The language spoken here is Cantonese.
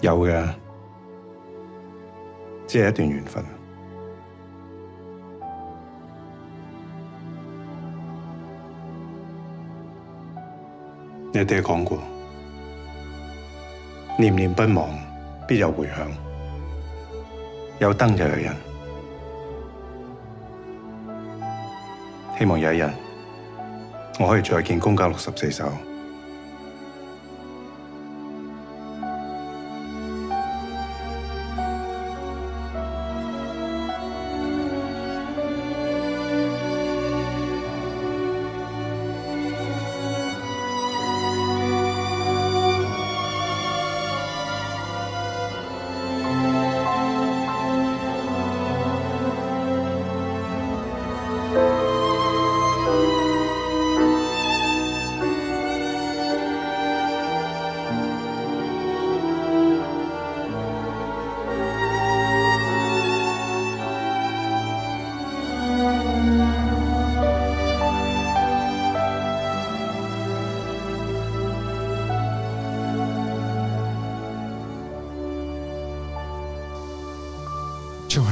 有嘅，只係一段緣分。你爹講過，念念不忘，必有回響。有燈就有人，希望有一日，我可以再見《宮家六十四手》。